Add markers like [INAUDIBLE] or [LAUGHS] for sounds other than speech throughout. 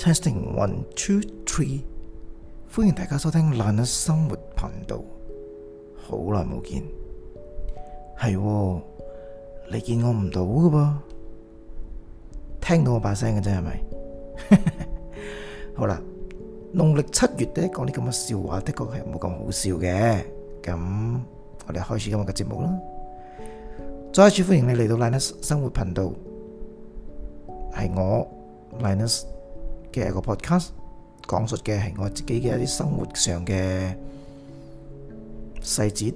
Testing one two three，歡迎大家收聽 Linus 頻道。好耐冇見，係喎，你見我唔到嘅噃，聽到我把聲嘅啫，係咪？好啦，農曆七月咧，講啲咁嘅笑話，的確係冇咁好笑嘅。咁我哋開始今日嘅節目啦。再一次歡迎你嚟到 Linus 頻道，係我 Linus。嘅一個 podcast，講述嘅係我自己嘅一啲生活上嘅細節，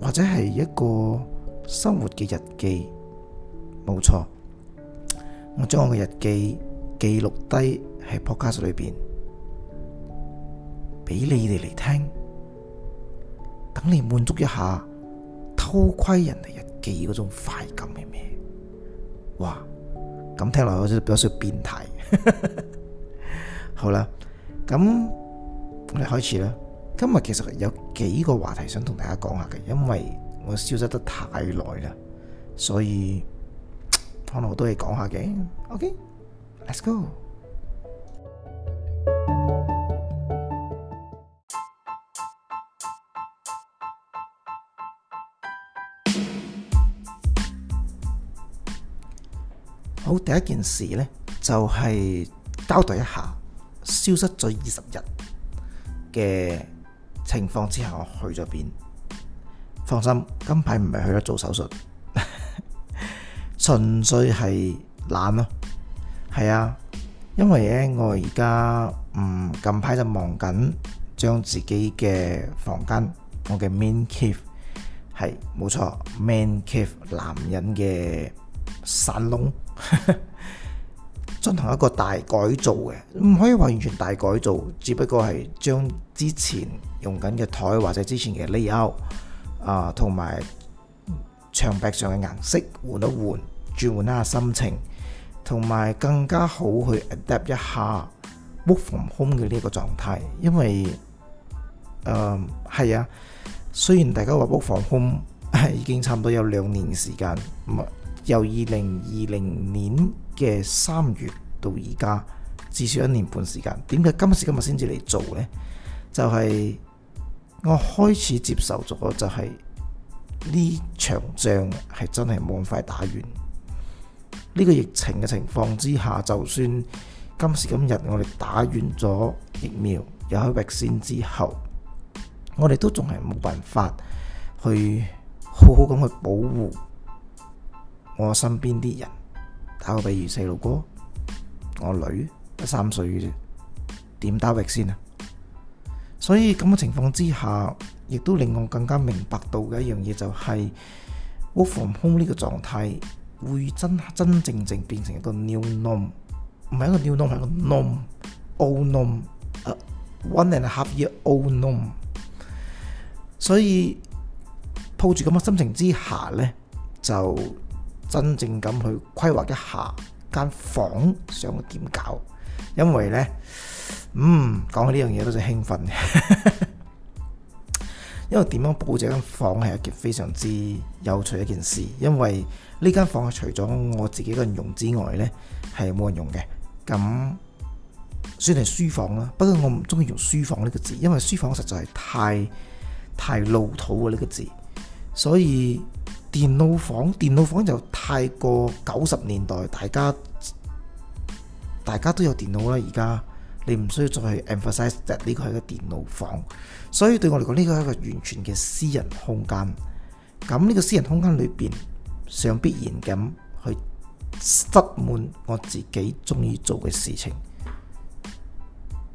或者係一個生活嘅日記，冇錯。我將我嘅日記記錄低喺 podcast 裏邊，俾你哋嚟聽，等你滿足一下偷窺人哋日記嗰種快感係咩？哇！咁聽落好似有少少變態，好啦，咁我哋開始啦。今日其實有幾個話題想同大家講下嘅，因為我消失得太耐啦，所以可能我都係講下嘅。OK，Let's go。好，第一件事呢就係交代一下消失咗二十日嘅情況之下，我去咗邊？放心，今排唔係去咗做手術，純粹係懶咯。係啊，因為呢我而家嗯近排就忙緊，將自己嘅房間，我嘅 man cave，係冇錯，man cave 男人嘅山窿進 [LAUGHS] 行一個大改造嘅，唔可以話完全大改造，只不過係將之前用緊嘅台或者之前嘅 layout 啊，同埋牆壁上嘅顏色換一換，轉換一下心情，同埋更加好去 adapt 一下 work from home 嘅呢個狀態，因為係係、呃、啊，雖然大家話 work from home 已經差唔多有兩年時間，由二零二零年嘅三月到而家，至少一年半時間。點解今時今日先至嚟做呢？就係、是、我開始接受咗，就係呢場仗係真係冇咁快打完。呢、這個疫情嘅情況之下，就算今時今日我哋打完咗疫苗，有咗疫苗之後，我哋都仲係冇辦法去好好咁去保護。我身邊啲人打個比喻，細路哥，我女一三歲啫，點打力先啊？所以咁嘅情況之下，亦都令我更加明白到嘅一樣嘢就係屋防空呢個狀態會真真正正變成一個 new norm，唔係一個 new norm，係一個 norm，old norm，啊 norm、uh，one and a half year old norm。所以抱住咁嘅心情之下咧，就。真正咁去規劃一下間房想點搞。因為呢，嗯，講起呢樣嘢都係興奮 [LAUGHS] 因為點樣布置呢間房係一件非常之有趣一件事，因為呢間房除咗我自己個人用之外呢，係冇人用嘅，咁算係書房啦。不過我唔中意用書房呢個字，因為書房實在係太太老土啊呢個字，所以。電腦房，電腦房就太過九十年代，大家，大家都有電腦啦。而家你唔需要再去 emphasize that 呢個係一個電腦房，所以對我嚟講，呢個係一個完全嘅私人空間。咁呢個私人空間裏邊，想必然咁去塞滿我自己中意做嘅事情，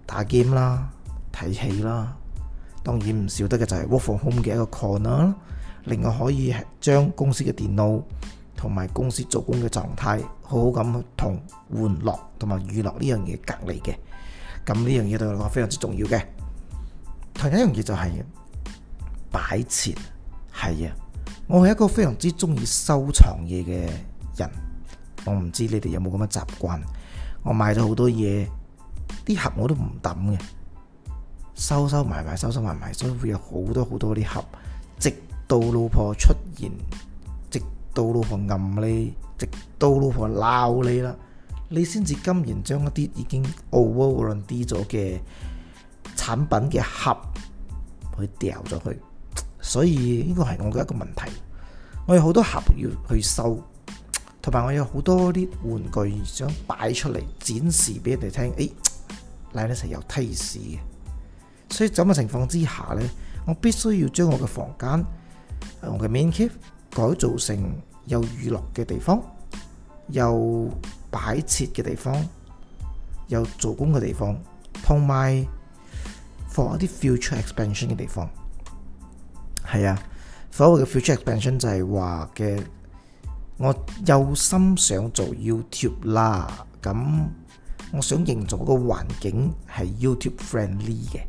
打 game 啦、睇戲啦，當然唔少得嘅就係 work from home 嘅一個 corner。另外，可以係將公司嘅電腦同埋公司做工嘅狀態好好咁同玩樂同埋娛樂呢樣嘢隔離嘅。咁呢樣嘢對我嚟講非常之重要嘅。同一樣嘢就係擺設係啊。我係一個非常之中意收藏嘢嘅人。我唔知你哋有冇咁嘅習慣。我買咗好多嘢，啲盒我都唔抌嘅，收收埋埋，收收埋埋，所以會有好多好多啲盒積。到老婆出現，直到老婆暗你，直到老婆鬧你啦，你先至甘願將一啲已經 overdue 咗嘅產品嘅盒去掉咗佢。所以呢個係我嘅一個問題。我有好多盒要去收，同埋我有好多啲玩具想擺出嚟展示俾人哋聽。誒、哎，嚟得成有 taste 嘅。所以咁嘅情況之下咧，我必須要將我嘅房間。我嘅 man cave 改造成有娛樂嘅地方，有擺設嘅地方，有做工嘅地方，同埋放一啲 future expansion 嘅地方。係啊，所謂嘅 future expansion 就係話嘅，我有心想做 YouTube 啦，咁我想營造個環境係 YouTube friendly 嘅，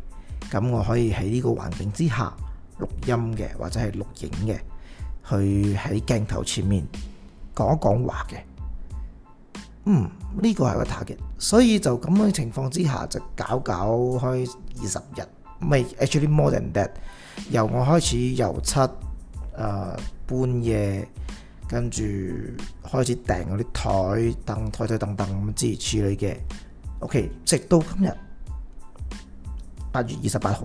咁我可以喺呢個環境之下。錄音嘅或者係錄影嘅，去喺鏡頭前面講一講話嘅，嗯，呢個係個 target，所以就咁樣情況之下就搞搞開二十日，咪 actually more than that，由我開始油漆誒、呃、半夜跟住開始訂嗰啲台凳台台凳凳咁之類之類嘅，OK，直到今日八月二十八號。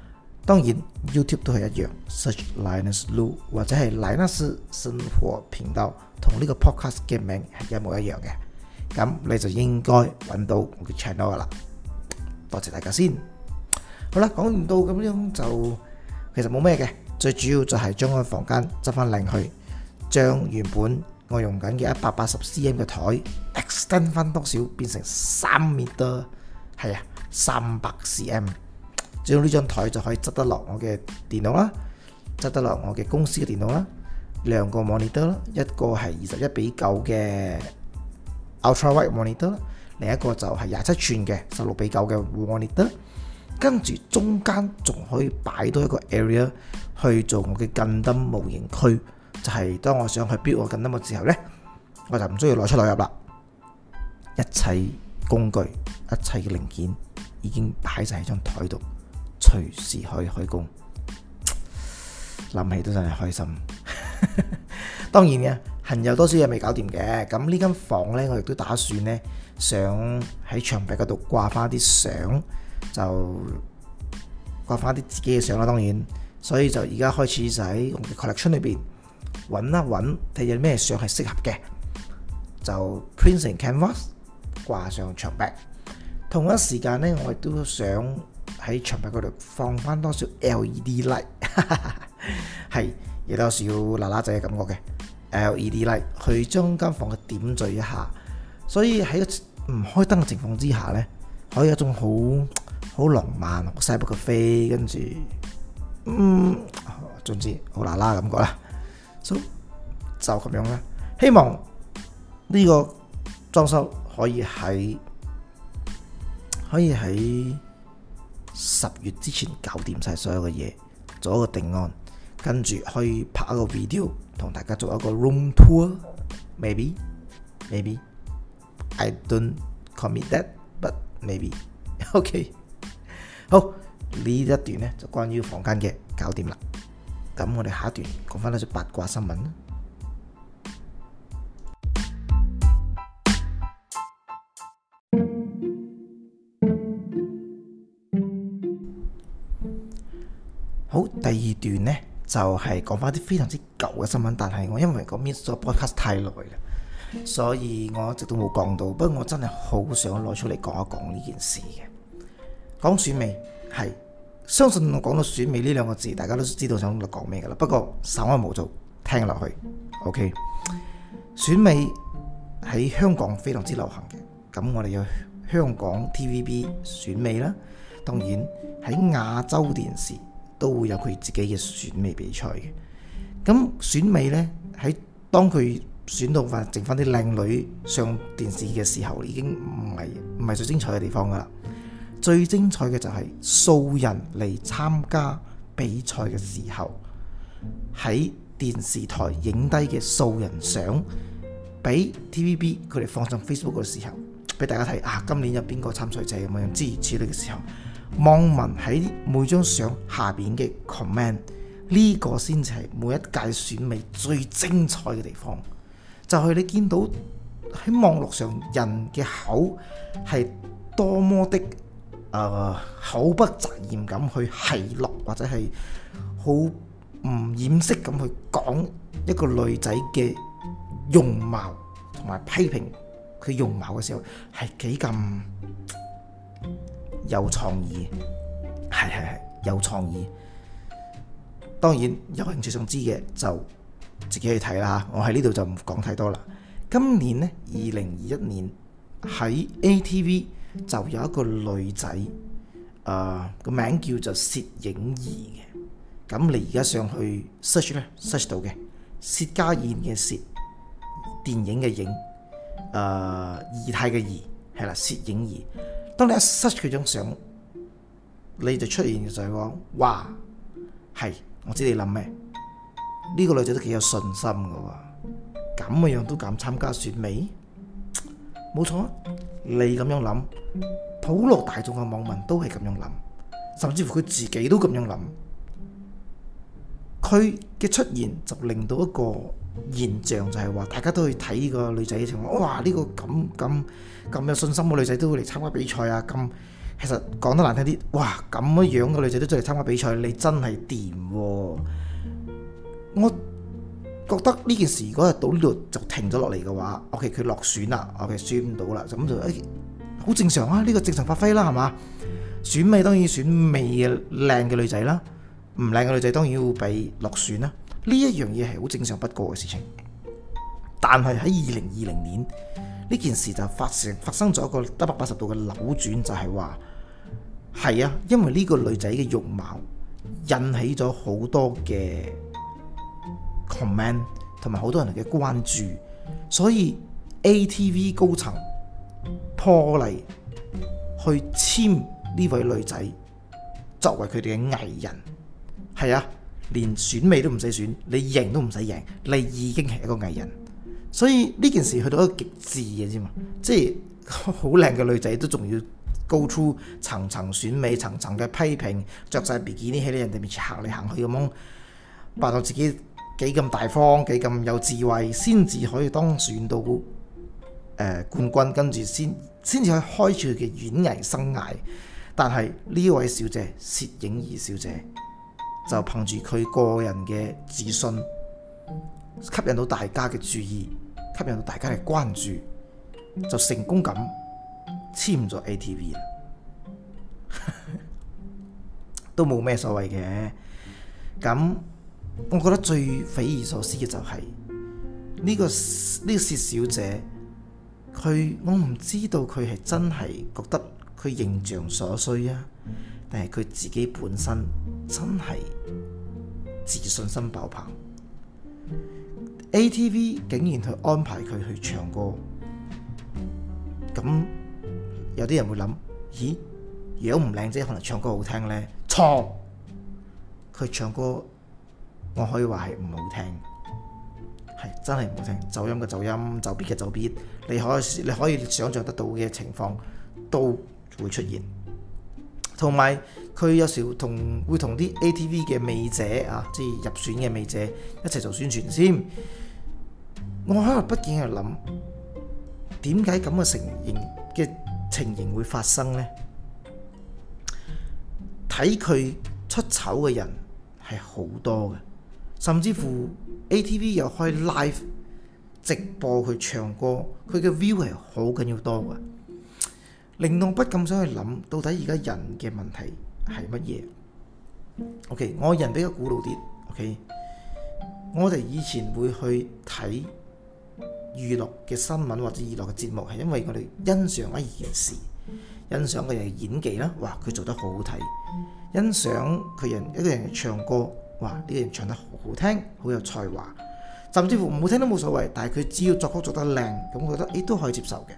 當然，YouTube 都係一樣，Search Linus Lu 或者係 Linus 生活頻道，同呢個 podcast 嘅名係一模一樣嘅，咁你就應該搵到我嘅 channel 噶啦。多謝大家先。好啦，講完到咁樣就，其實冇咩嘅，最主要就係將個房間執翻靚去，將原本我用緊嘅一百八十 cm 嘅台 extend 翻多少，變成三米多，係啊，三百 cm。只要呢張台就可以執得落我嘅電腦啦，執得落我嘅公司嘅電腦啦。兩個 monitor 啦，一個係二十一比九嘅 ultrawide monitor，另一個就係廿七寸嘅十六比九嘅 monitor。跟住中間仲可以擺多一個 area 去做我嘅高達模型區，就係當我想去 build 我高達嘅時候咧，我就唔需要攞出攞入啦。一切工具、一切嘅零件已經擺晒喺張台度。隨時可以開工，諗起都真係開心。 [LAUGHS] 當然嘅，痕有多少嘢未搞掂嘅。咁呢間房咧，我亦都打算咧，想喺牆壁嗰度掛翻啲相，就掛翻啲自己嘅相啦。當然，所以就而家開始就喺我的 collection 裏邊揾一揾睇有咩相係適合嘅，就 print 成 canvas 掛上牆壁。同一時間咧，我亦都想，喺牆壁嗰度放翻多少 LED light，係有多少嗱嗱仔嘅感覺嘅 LED light 去將間房嘅點綴一下，所以喺唔開燈嘅情況之下咧，可以有一種好好浪漫，好西部嘅飛，跟住，嗯，總之好嗱嗱感覺啦。So 就咁樣啦，希望呢個裝修可以喺可以喺。十月之前搞掂晒所有嘅嘢，做一個定案，跟住去拍一個 video，同大家做一個 room tour，maybe，maybe，I don't commit that，but maybe，ok，好，呢一段咧就關於房間嘅搞掂啦，咁我哋下一段講翻呢隻八卦新聞啦。第二段呢，就係講返啲非常之舊嘅新聞，但係我因為 miss 咗 podcast 太耐啦，所以我一直都冇講到。不過我真係好想攞出嚟講一講呢件事嘅。講選美係，相信我講到選美呢兩個字，大家都知道想嚟講咩噶啦。不過稍安毋躁聽落去，OK？選美喺香港非常之流行嘅，咁我哋有香港 TVB 選美啦，當然喺亞洲電視，都會有佢自己嘅選美比賽嘅，咁選美呢，喺當佢選到話剩翻啲靚女上電視嘅時候，已經唔係唔係最精彩嘅地方噶啦。最精彩嘅就係、是、素人嚟參加比賽嘅時候，喺電視台影低嘅素人相，俾 TVB 佢哋放上 Facebook 嘅時候，俾大家睇啊！今年有邊個參賽者咁樣之如此類嘅時候。網民喺每張相下邊嘅 comment 呢個先至係每一屆選美最精彩嘅地方，就係、是、你見到喺網絡上人嘅口係多麼的誒、呃、口不擇言咁去奚落或者係好唔掩飾咁去講一個女仔嘅容貌同埋批評佢容貌嘅時候係幾咁。有創意，係係係有創意。當然，有興趣想知嘅就自己去睇啦。我喺呢度就唔講太多啦。今年呢，二零二一年喺 ATV 就有一個女仔，誒、呃、個名叫做薛影儀嘅。咁你而家上去 search 咧，search 到嘅薛家燕嘅薛，電影嘅影，誒、呃、儀態嘅儀，係啦，薛影儀。當你一 search 佢張相，你就出現就係講，哇，係，我知你諗咩，呢個女仔都幾有信心㗎喎，咁嘅樣都敢參加選美，冇錯啊。你咁樣諗，普羅大眾嘅網民都係咁樣諗，甚至乎佢自己都咁樣諗。佢嘅出現就令到一個。現象就係話，大家都去睇呢個女仔嘅情況，哇！呢個咁咁咁有信心嘅女仔都會嚟參加比賽啊！咁其實講得難聽啲，哇！咁樣樣嘅女仔都出嚟參加比賽，你真係掂喎！我覺得呢件事如果係到呢度就停咗落嚟嘅話，OK，佢落選啦，OK，選唔到啦，就咁就好正常啊！呢個正常發揮啦，係嘛？選美當然要選美嘅靚嘅女仔啦，唔靚嘅女仔當然要畀落選啦。呢一樣嘢係好正常不過嘅事情，但係喺二零二零年呢件事就發成發生咗一個一百八十度嘅扭轉，就係話係啊，因為呢個女仔嘅容貌引起咗好多嘅 comment 同埋好多人嘅關注，所以 ATV 高層破例去簽呢位女仔作為佢哋嘅藝人，係啊。連選美都唔使選，你贏都唔使贏，你已經係一個藝人。所以呢件事去到一個極致嘅啫嘛，即係好靚嘅女仔都仲要高出層層選美，層層嘅批評，着晒比基尼喺人哋面前行嚟行去咁樣，扮到自己幾咁大方、幾咁有智慧，先至可以當選到冠軍，跟住先先至可以開住佢嘅演藝生涯。但係呢位小姐，薛影兒小姐。就憑住佢個人嘅自信，吸引到大家嘅注意，吸引到大家嘅關注，就成功咁簽咗 ATV [LAUGHS] 都冇咩所謂嘅。咁，我覺得最匪夷所思嘅就係呢個呢個薛小姐，佢我唔知道佢係真係覺得佢形象所需啊。但係佢自己本身真係自信心爆棚，ATV 竟然去安排佢去唱歌，咁有啲人會諗：咦，如果唔靚仔，可能唱歌好聽呢？錯，佢唱歌我可以話係唔好聽，係真係唔好聽。走音嘅走音，走 B 嘅走 B，你可以你可以想象得到嘅情況都會出現。同埋佢有時同會同啲 ATV 嘅美姐，啊，即係入選嘅美姐，一齊做宣傳先。我喺度不斷喺度諗，點解咁嘅成形嘅情形會發生呢？睇佢出醜嘅人係好多嘅，甚至乎 ATV 又開 live 直播佢唱歌，佢嘅 view 係好緊要多嘅。令到我不禁想去諗，到底而家人嘅問題係乜嘢？OK，我個人比較古老啲。OK，我哋以前會去睇娛樂嘅新聞或者娛樂嘅節目，係因為我哋欣賞一件事，欣賞佢人嘅演技啦。哇，佢做得好好睇。欣賞佢人一個人嘅唱歌，哇，呢個人唱得好好聽，好有才華。甚至乎唔好聽都冇所謂，但係佢只要作曲做得靚，咁我覺得誒都可以接受嘅。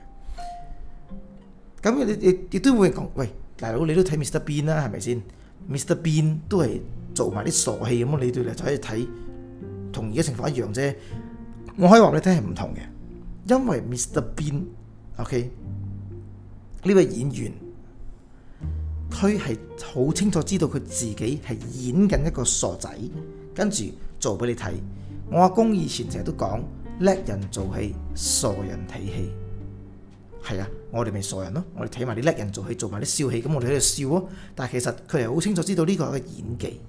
咁你你亦都會講，喂，大佬你都睇 Mr. Bean 啦，係咪先？Mr. Bean 都係做埋啲傻戲，咁你對你就可以睇，同而家情況一樣啫。我可以話你聽係唔同嘅，因為 Mr. Bean，OK，okay? 呢位演員，佢係好清楚知道佢自己係演緊一個傻仔，跟住做俾你睇。我阿公以前成日都講，叻人做戲，傻人睇戲。係啊，我哋咪傻人咯，我哋睇埋啲叻人做戲，做埋啲笑戲，咁我哋喺度笑咯。但係其實佢係好清楚知道呢個係一個演技，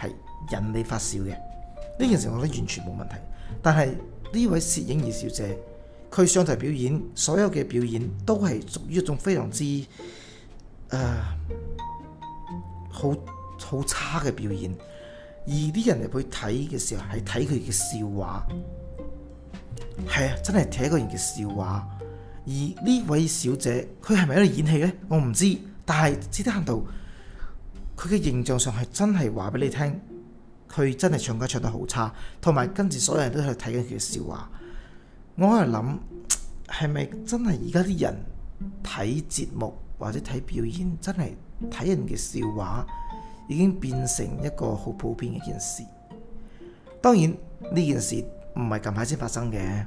係引你發笑嘅。呢件事我覺得完全冇問題。但係呢位攝影二小姐，佢上台表演，所有嘅表演都係屬於一種非常之誒好好差嘅表演。而啲人嚟去睇嘅時候，係睇佢嘅笑話。係啊，真係睇一個人嘅笑話。而呢位小姐，佢係咪喺度演戲呢？我唔知，但係只得行到佢嘅形象上係真係話俾你聽，佢真係唱歌唱得好差，同埋跟住所有人都喺度睇緊佢嘅笑話。我喺度諗，係咪真係而家啲人睇節目或者睇表演，真係睇人嘅笑話已經變成一個好普遍嘅一件事？當然呢件事唔係近排先發生嘅。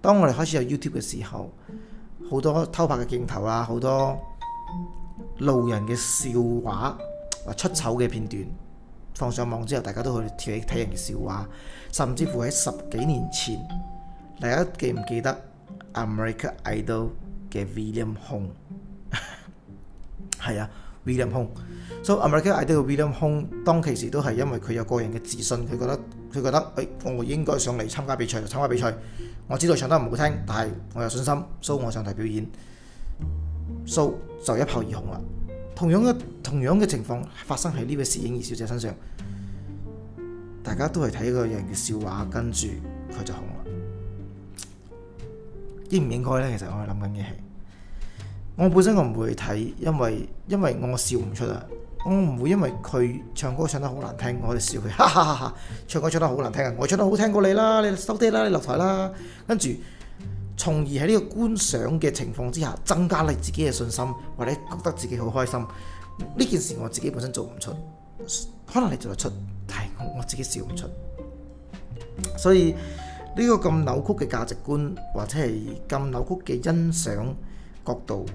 當我哋開始有 YouTube 嘅時候。好多偷拍嘅鏡頭啦，好多路人嘅笑話或出醜嘅片段放上網之後，大家都去睇人嘅笑話，甚至乎喺十幾年前，大家記唔記得 American Idol 嘅 William Hung？係 [LAUGHS] 啊。William Hung，so American Idol 嘅 William Hung，當其時都係因為佢有個人嘅自信，佢覺得佢覺得，誒、哎，我應該上嚟參加比賽，就參加比賽，我知道唱得唔好聽，但係我有信心，so 我上台表演，so 就一炮而紅啦。同樣嘅同樣嘅情況發生喺呢位攝影二小姐身上，大家都係睇一個人嘅笑話，跟住佢就紅啦。應唔應該咧？其實我係諗緊嘅係。我本身我唔會睇，因為因為我笑唔出啊！我唔會因為佢唱歌唱得好難聽，我哋笑佢，哈哈哈哈！唱歌唱得好難聽啊，我唱得好聽過你啦，你收爹啦，你落台啦，跟住從而喺呢個觀賞嘅情況之下，增加你自己嘅信心，或者覺得自己好開心。呢件事我自己本身做唔出，可能你做得出，但係我自己笑唔出。所以呢個咁扭曲嘅價值觀，或者係咁扭曲嘅欣賞角度。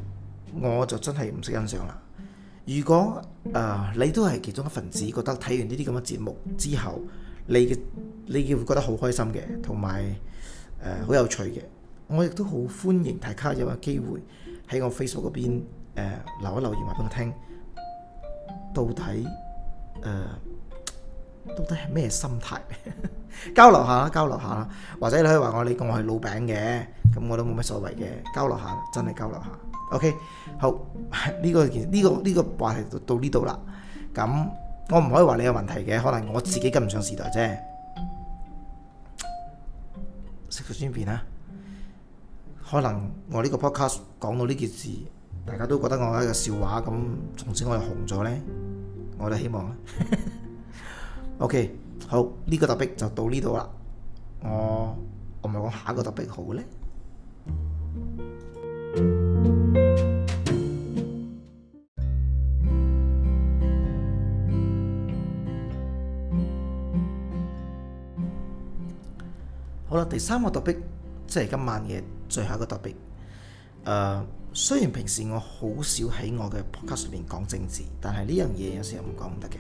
我就真係唔識欣賞啦！如果誒、呃、你都係其中一份子，覺得睇完呢啲咁嘅節目之後，你嘅你會覺得好開心嘅，同埋誒好有趣嘅，我亦都好歡迎大家有個機會喺我 Facebook 嗰邊、呃、留一留言話俾我聽、呃，到底誒到底係咩心態？ [LAUGHS] 交流下啦，交流下啦，或者你可以話我你共我係老餅嘅，咁我都冇乜所謂嘅，交流下，真係交流下。O.K. 好，呢個件呢個呢個話題就到呢度啦。咁我唔可以話你有問題嘅，可能我自己跟唔上時代啫。食唔食轉變啊？可能我呢個 podcast 講到呢件事，大家都覺得我一個笑話，咁從此我就紅咗呢。我都希望啦。O.K. 好，呢個突破就到呢度啦。我我唔係講下一個突破好呢？第三個突逼，即係今晚嘅最後一個突逼。誒、呃，雖然平時我好少喺我嘅 Podcast 上面講政治，但係呢樣嘢有時唔講唔得嘅。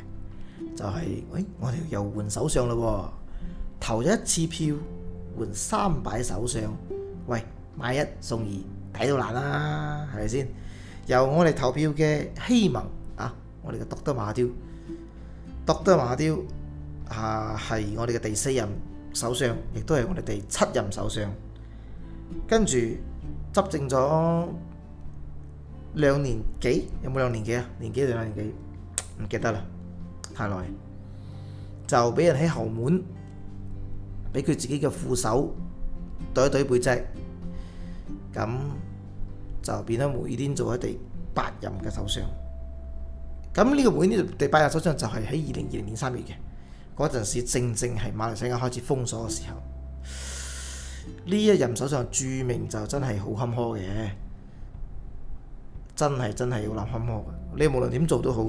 就係、是，喂，我哋又換首相嘞喎、啊，投咗一次票換三擺首相，喂，買一送二，抵到爛啦、啊，係咪先？由我哋投票嘅希盟，啊，我哋嘅 Dr. Mahathir，Dr. Mahathir 啊，係我哋嘅第四任首相亦都係我哋第七任首相，跟住執政咗兩年幾，有冇兩年幾啊？年幾定兩年幾？唔記得啦，太耐。就俾人喺後門，俾佢自己嘅副手㨃一㨃背脊，咁就變咗每天做喺第八任嘅首相。咁呢個會呢？第八任首相就係喺二零二零年三月嘅。嗰陣時正正係馬來西亞開始封鎖嘅時候，呢一任首相著名就真係好坎坷嘅，真係真係要諗坎坷。你無論點做都好，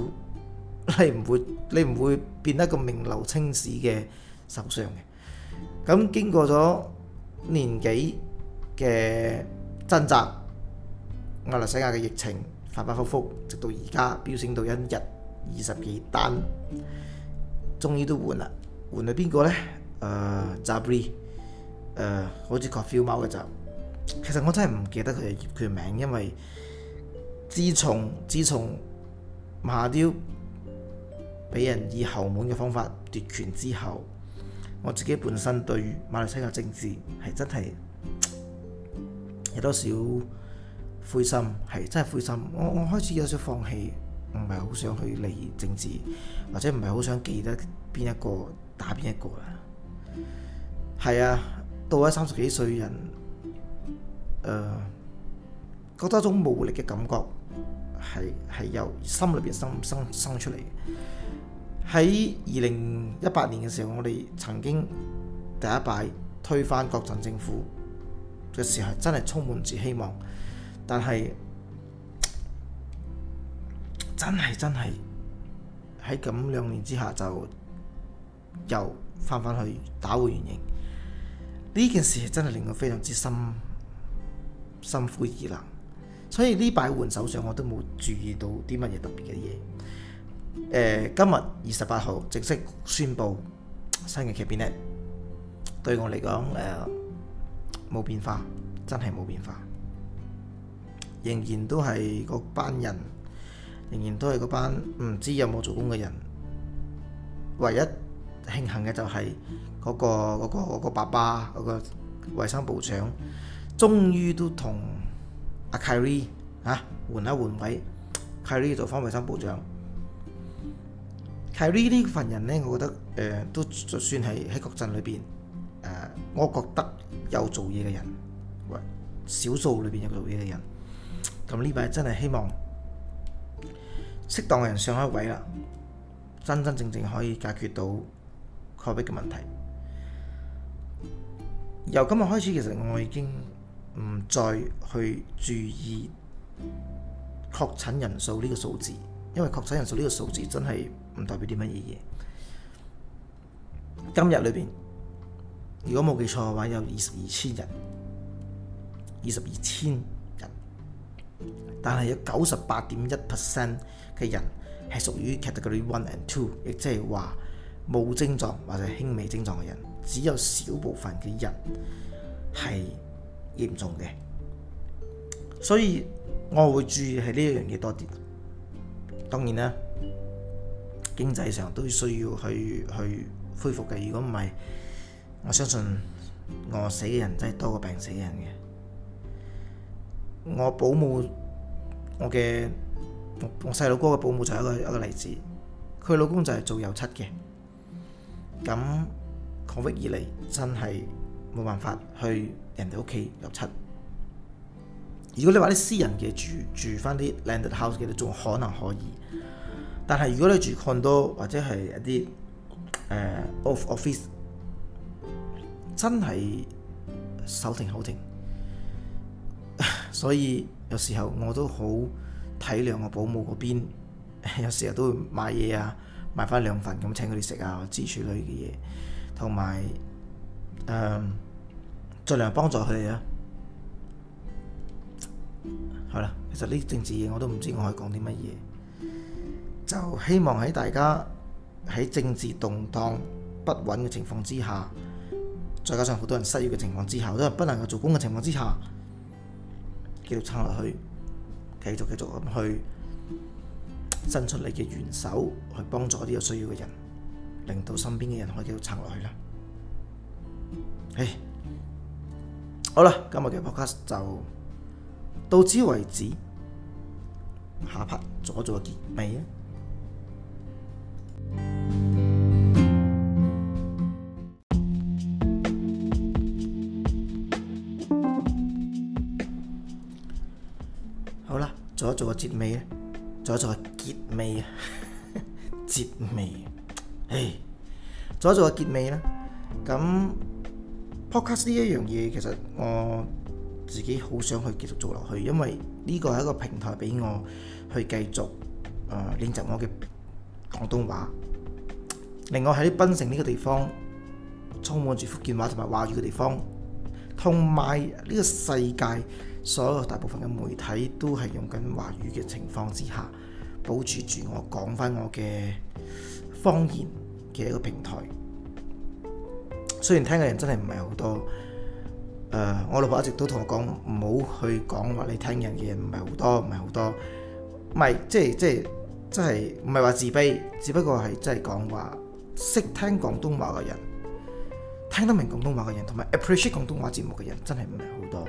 你唔會你唔會變得咁名流青史嘅首相嘅。咁經過咗年幾嘅掙扎，馬來西亞嘅疫情反反覆覆，直到而家飆升到一日二十幾單。終於都換喇，換咗邊個呢？呃 Zabri 誒，Zabri，呃，好似個 feel 貓嘅就，其實我真係唔記得佢嘅葉佢名，因為自從自從馬雕俾人以後門嘅方法奪權之後，我自己本身對馬來西亞政治係真係有多少灰心，係真係灰心，我我開始有少少放棄。唔係好想去理政治，或者唔係好想記得邊一個打邊一個啦。係啊，到咗三十幾歲人，誒、呃，覺得一種無力嘅感覺，係係由心裏邊生生生出嚟。喺二零一八年嘅時候，我哋曾經第一擺推翻國陣政府嘅時候，真係充滿住希望，但係，真係真係喺咁兩年之下就又翻返去打回原形，呢件事真係令我非常之心心灰意冷，所以呢擺換首相我都冇注意到啲乜嘢特別嘅嘢、呃。今日二十八號正式宣布新嘅劇變呢，對我嚟講誒冇變化，真係冇變化，仍然都係嗰班人。仍然都係嗰班唔知有冇做工嘅人，唯一慶幸嘅就係嗰個嗰個嗰個爸爸，嗰個衞生部長，終於都同阿 Khairy 嚇換一換位，Khairy 做返衞生部長。Khairy 呢份人咧，我覺得誒都算係喺國陣裏邊誒，我覺得有做嘢嘅人，少數裏邊有做嘢嘅人。咁呢排真係希望。適當嘅人上一位啦，真真正正可以解決到確診嘅問題。由今日開始，其實我已經唔再去注意確診人數呢個數字，因為確診人數呢個數字真係唔代表啲乜嘢嘢。今日裏邊，如果冇記錯嘅話，有二十二千人，二十二千。但係有九十八點一 percent 嘅人係屬於 category one and two，亦即係話冇症狀或者輕微症狀嘅人，只有少部分嘅人係嚴重嘅，所以我會注意喺呢一樣嘢多啲。當然啦，經濟上都需要去去恢復嘅。如果唔係，我相信餓死嘅人真係多過病死嘅人嘅。我保姆，我嘅我細佬哥嘅保姆就係一個一個例子，佢老公就係做油漆嘅，咁抗疫以嚟真係冇辦法去人哋屋企油漆。如果你話啲私人嘅住住翻啲 landed house 嘅，你仲可能可以，但係如果你住 condo，或者係一啲誒、uh, off office，真係手停口停。所以有時候我都好體諒我保姆嗰邊，有時候都會買嘢啊，買翻兩份咁請佢哋食啊，支出類嘅嘢，同埋誒盡量幫助佢哋啊。好啦，其實呢啲政治嘢我都唔知我可以講啲乜嘢，就希望喺大家喺政治動盪不穩嘅情況之下，再加上好多人失業嘅情況之下，都係不能夠做工嘅情況之下，繼續撐落去，繼續繼續咁去伸出你嘅援手，去幫助啲有需要嘅人，令到身邊嘅人可以繼續撐落去啦。誒，好啦，今日嘅 podcast 就到此為止，下 part 再做結尾。.做，個，節做個結尾咧，做一做個結尾啊！結尾，唉，一做個結尾啦。咁 Podcast 呢一樣嘢，其實我自己好想去繼續做落去，因為呢個係一個平台俾我去繼續誒、呃、練習我嘅廣東話，另外，喺檳城呢個地方充滿住福建話同埋華語嘅地方，同埋呢個世界。所有大部分嘅媒體都係用緊華語嘅情況之下，保持住我講翻我嘅方言嘅一個平台。雖然聽嘅人真係唔係好多。誒，呃，我老婆一直都同我講，唔好去講話你聽人嘅嘢唔係好多，唔係好多，唔係即係即係即係唔係話自卑，只不過係即係講話識聽廣東話嘅人，聽得明廣東話嘅人，同埋 appreciate 廣東話節目嘅人，真係唔係好多。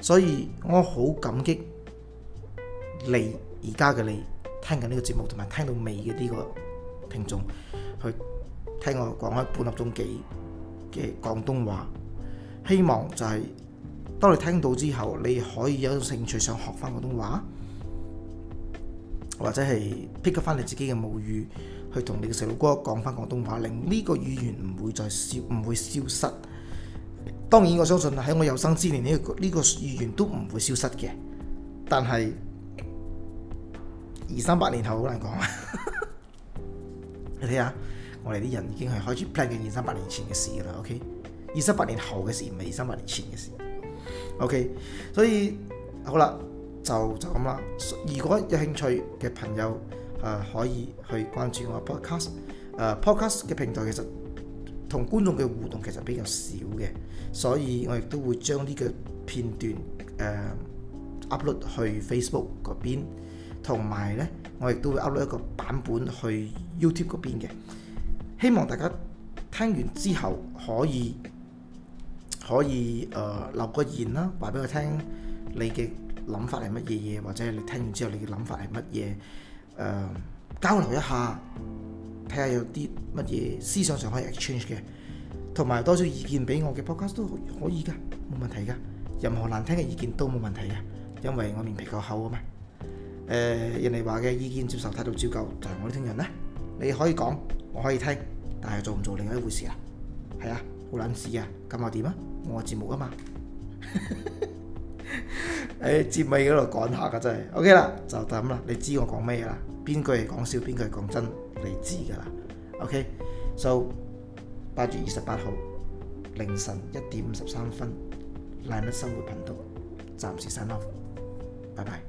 所以我好感激你而家嘅你聽緊呢個節目，同埋聽到尾嘅呢個聽眾去聽我講一半粒鐘幾嘅廣東話，希望就係、是、當你聽到之後，你可以有種興趣想學翻廣東話，或者係 pick up 翻你自己嘅母語，去同你嘅細路哥講翻廣東話，令呢個語言唔會再消唔會消失。當然，我相信喺我有生之年呢個、呢個預言都唔會消失嘅。但係二三百年後好難講啊！ [LAUGHS] [LAUGHS] 你睇下，我哋啲人已經係開始 plan 緊二三百年前嘅事啦。OK，二三百年後嘅事唔係二三百年前嘅事。OK，所以好啦，就就咁啦。如果有興趣嘅朋友，誒、呃、可以去關注我 podcast 誒、呃、podcast 嘅平台。其實，同觀眾嘅互動其實比較少嘅，所以我亦都會將呢個片段誒、呃、upload 去 Facebook 嗰邊，同埋呢，我亦都會 upload 一個版本去 YouTube 嗰邊嘅。希望大家聽完之後可以可以誒、呃、留個言啦，話俾佢聽你嘅諗法係乜嘢嘢，或者你聽完之後你嘅諗法係乜嘢，誒交流一下。睇下有啲乜嘢思想上可以 exchange 嘅，同埋多少意見俾我嘅 podcast 都可以噶，冇問題噶。任何難聽嘅意見都冇問題嘅，因為我面皮夠厚啊嘛。誒、呃，人哋話嘅意見接受態度照舊，就係、是、我呢種人啦。你可以講，我可以聽，但係做唔做另外一回事啊？係啊，好撚事嘅，咁我點啊？我節目啊嘛。 [LAUGHS] 誒，結尾嗰度講下噶真係，OK 啦，就咁啦，你知我講咩啦？邊句係講笑，邊句係講真，你知噶啦。OK，so，八月二十八號凌晨一點五十三分，懶人生活頻道暫時散啦，拜拜。